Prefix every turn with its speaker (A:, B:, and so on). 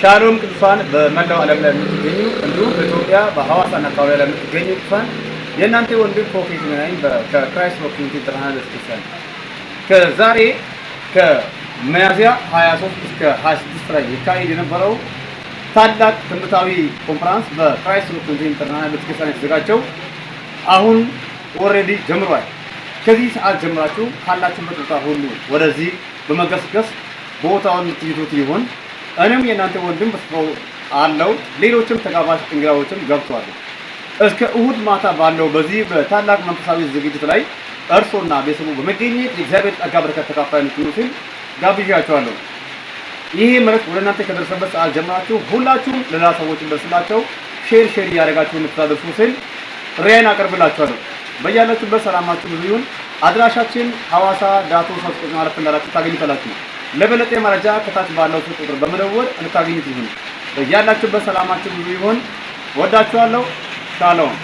A: ሻሎም ቅዱሳን በመላው ዓለም ላይ የምትገኙ እንዲሁም በኢትዮጵያ በሐዋሳና አካባቢ ላይ የምትገኙ ቅዱሳን የእናንተ ወንድም ፕሮፌት ነኝ ከክራይስት ኦፖርቹኒቲ ብርሃን ቤተክርስቲያን ከዛሬ ከሚያዝያ 23 እስከ 26 ላይ ይካሄድ የነበረው ታላቅ ትምህርታዊ ኮንፈራንስ በክራይስት ኦፖርቹኒቲ ኢንተርናሽናል ቤተክርስቲያን የተዘጋጀው አሁን ኦልሬዲ ጀምሯል። ከዚህ ሰዓት ጀምራችሁ ካላችሁ ቦታ ሁሉ ወደዚህ በመገስገስ ቦታውን ትይዙት ይሆን እኔም የእናንተ ወንድም በስፍራው አለው፣ ሌሎችም ተጋባዥ እንግዳዎችም ገብቷል። እስከ እሁድ ማታ ባለው በዚህ በታላቅ መንፈሳዊ ዝግጅት ላይ እርሶና ቤተሰቡ በመገኘት የእግዚአብሔር ጸጋ በረከት ተካፋይ እንድትሆኑ ይሄ መልእክት ወደ እናንተ ከደረሰበት ሰዓት ጀምራችሁ ሁላችሁም ለሌላ ሰዎች እንደርስላቸው ሼር ሼር እያደረጋችሁ እንድታደርሱ ሲል ሪያን አቀርብላችኋለሁ። በያላችሁበት ሰላማችሁ ብዙ ይሁን። አድራሻችን ሐዋሳ ዳቶ ሶስት ቁጥር ማለት እንዳላችሁ ታገኙታላችሁ። ለበለጠ መረጃ ከታች ባለው ስልክ ቁጥር በመደወል እንታገኙት ይሁን። በያላችሁበት ሰላማችሁ ብዙ ይሁን። ወዳችኋለሁ። ሻሎም